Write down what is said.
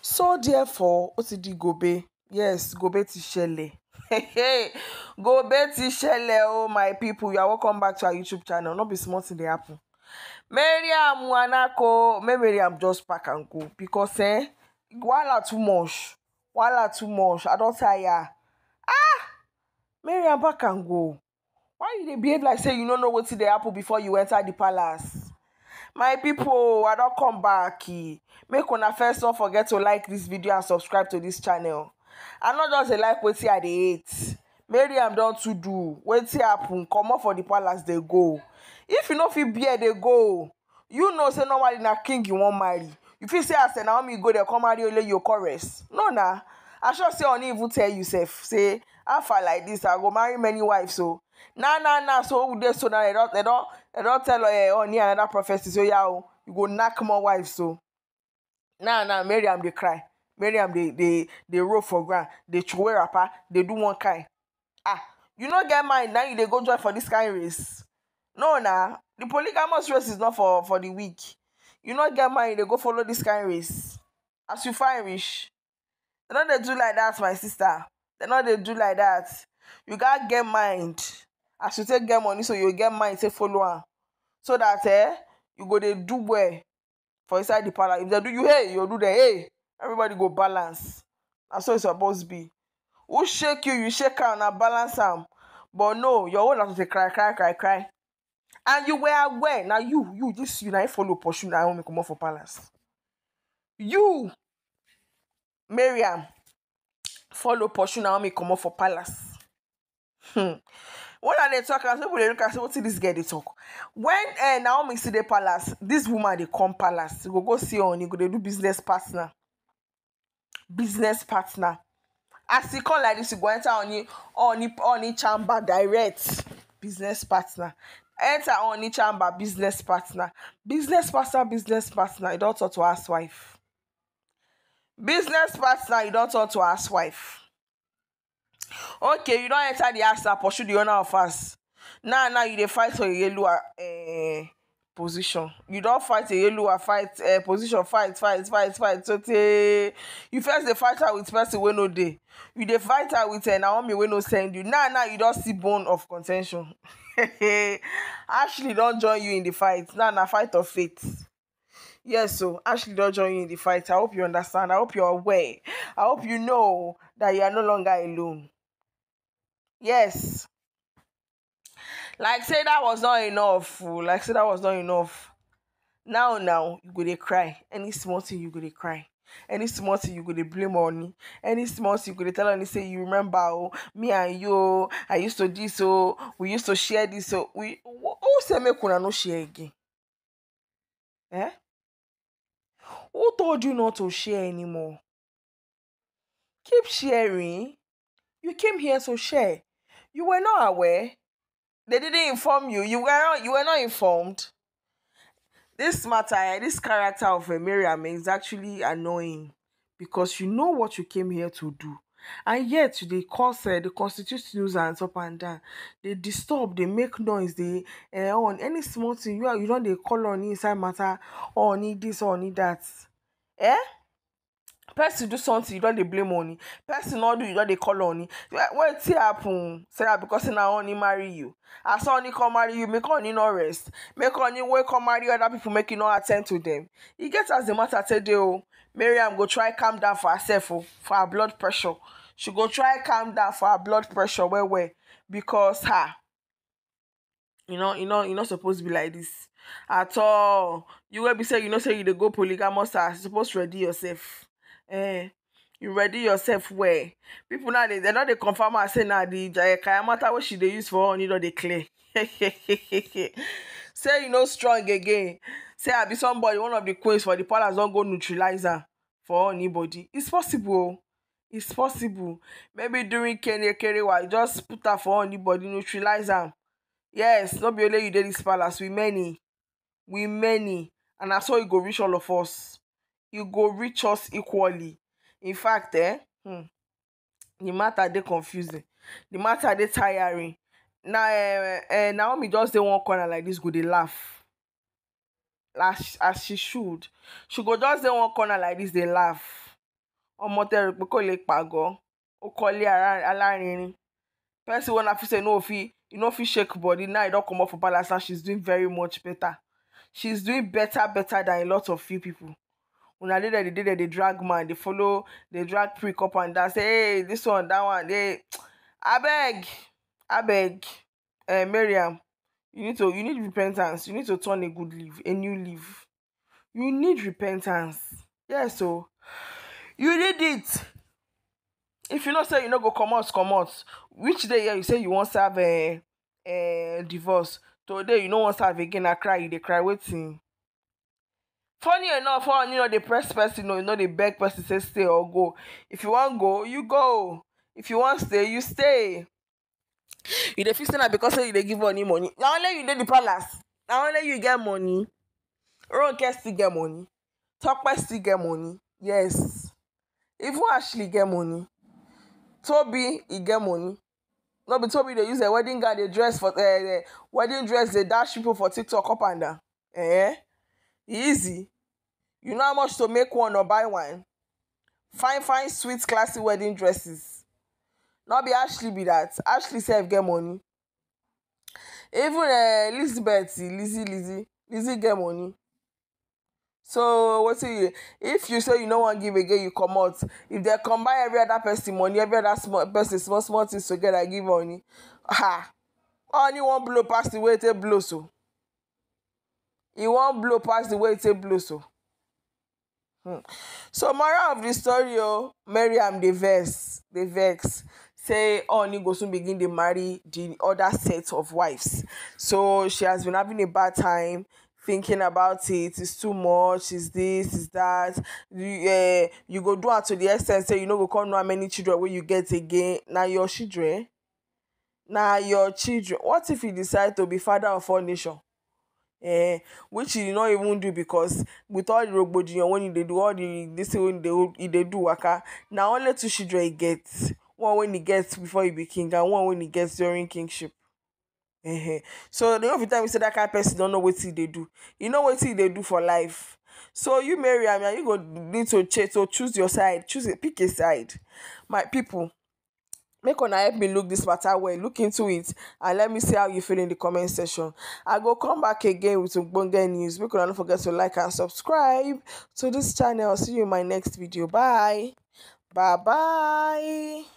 so therefore ó ti di gobe yes gobe ti ṣẹlẹ̀ gobe ti ṣẹlẹ̀ o oh my people you are welcome back to our youtube channel no be small thing dey happen mariam anako make mariam just pack and go because eh, wahala too much wahala too much i don tire ah mariam pack and go why you dey behave like say you no know wetin dey happen before you enter the palace my people, i don come back make una first don forget to like this video and subscribe to this channel i no just dey like wetin i dey hate maryam don too do wetin happen comot for the palace dey go if you no fit bear dey go you know say normally na king you wan marry you fit say as naomi go dey come marry only your chorus no na i sure say oni even tell you sef say how far like this. i go marry many wives o oh. na na na so who dey so na dem don dem don tell her eh, oh near another prophecy so yeah oh you go knock more wives so oh. now now miriam they cry miriam they they they roll for ground dey throway wrapper They do one kind ah you no get mind now. you they go join for this kind race no nah. the polygamous race is not for for the weak you no get mind They go follow this kind race as you find reach dem no dey do like that. my sister They no they do like that. you gotta get mind as you take get money so you get mind Say follow am so that eh, you go dey do well for inside the palace if dem do you hey you do dem hey everybody go balance na so e suppose be who shake you you shake am na balance am but no your own na to dey cry cry cry cry and you were aware na you you just you na him follow pursue na him comot for palace you mariam follow pursue naomi comot for palace hmm when i dey talk So people dey look at say wetin dis girl They talk when uh, naomi see the palace This woman they come palace you go go see on you. go they do business partner business partner as e come like this you go enter on On you. oni on oni chamber direct business partner enter on oni chamber business partner business partner business partner you don't talk to housewife business partner you don't talk to housewife okay you don enter the house and pursue the owner of house now now you dey fight for iyeluwa uh, position you don fight iyeluwa uh, fight uh, position fight fight fight fight so tey you first dey fight her with person wey no dey you dey fight her with uh, naomi wey no send you now now you don see bone of contention ashley don join you in the fight now na fight of faith yes so ashley don join you in the fight i hope you understand i hope you are aware i hope you know that you are no longer alone Yes. Like say that was not enough. Oh, like say that was not enough. Now now you go to cry. Any small thing you go to cry. Any small thing you go to blame on. me. Any small thing you go to tell on say you remember oh me and you oh, I used to do oh, so. we used to share this So we who say me una no share again? Eh? Who told you not to share anymore? Keep sharing. You came here to share. You were not aware. They didn't inform you. You were not, you were not informed. This matter, this character of a Miriam is actually annoying because you know what you came here to do. And yet they cause uh, eh, the constitute nuisance up and down. They disturb, they make noise, they uh, on any small thing you are, you know they call on inside matter, or need this, or need that. Eh? person do something you don dey blame honey person no do you don dey call honey wetin happen sarah because say na honey marry you as honey come marry you make honey no rest make honey wey come marry other people make you no at ten d to them e get as the matter take dey o oh. mariam go try calm down for herself o oh, for her blood pressure she go try calm down for her blood pressure well well because her you know you e know you e no suppose be like this at all you wey be say you know say you dey go polygamous house you suppose ready yourself eh, you ready yourself well people now they, they no dey confirm am say now the kaya matter what should they use for You know dey clear say you know strong again say i be somebody one of the queens for the palace Don't go neutralizer for anybody. it's possible oh. it's possible maybe during Kerry, why just put am for anybody body neutralize am yes no be only you dey this palace we many we many and na so you e go reach all of us e go reach us equally in fact eh, hmm, the matter dey confusing the matter dey tiring na eh, eh, naomi just dey one corner like this go dey laugh as, as she should she go just dey one corner like this dey laugh ọmọ tẹrù pé kò lè pàgọ́ ó kọ́lé alárinrin person wey na fit say no fit you no know, fit shake body now e don comot for palace now she's doing very much better she's doing better better than a lot of few people una dey there dey dey there dey drag man dey follow dey drag prick up and down say hey this one that one hey abeg abeg uh, eh, Maryam, you need to you need repentance you need to turn a good leaf a new leaf you need repentance yes o oh. you need it if you know say you no go comot comot which day yeah, you say you wan serve uh, uh, divorce today you no wan serve again na cry you dey cry wetin funny enough how you know the press person o you know the beg person say stay or go if you want go you go if you want stay you stay you dey fix say na because you dey give money money na only you dey the palace na only you get money ronke still get money tope still get money yes even ashley get money Toby, e get money no be Toby. dey use a eh, wedding gown dey dress for uh, uh, wedding dress dey dash people for tiktok up and down. Eh? easy you know how much to make one or buy one fine fine sweet classy wedding dresses no be ashley be that ashley sef get money even uh, elizabeth Lizzy, Lizzy, Lizzy get money so wetin you if you say you no wan give again you comot if dem combine every other person money every other small person small small things together give money ha money wan blow pass the way e take blow so e wan blow pass the way e take blow so. Oh. Hmm. So moral of the story o, oh, Mariam dey vex, dey vex say Ooni oh, go soon begin dey marry the other set of wives. So she has been having a bad time thinking about it it's too much it's this it's that you uh, you go do am to the extent say you no go come know how many children wey you get again na your children na your children what if you decide to be father of all nation eh, which he did not even do because with all the rogbodiyan when he dey do all the this thing when he dey do waka na only two children he get one when he get before he be king and one when he get during kingship. uh so the only time you say that kind of person don't know wetin he dey do you know wetin he dey do for life so you marry I mean, you go need to, ch- to choose your side choose a, pick a side my people make una help me look this matter well look into it and let me see how you feel in the comment section i go come back again with ogbonge news make una no forget to like and subscribe to this channel see you in my next video bye bye bye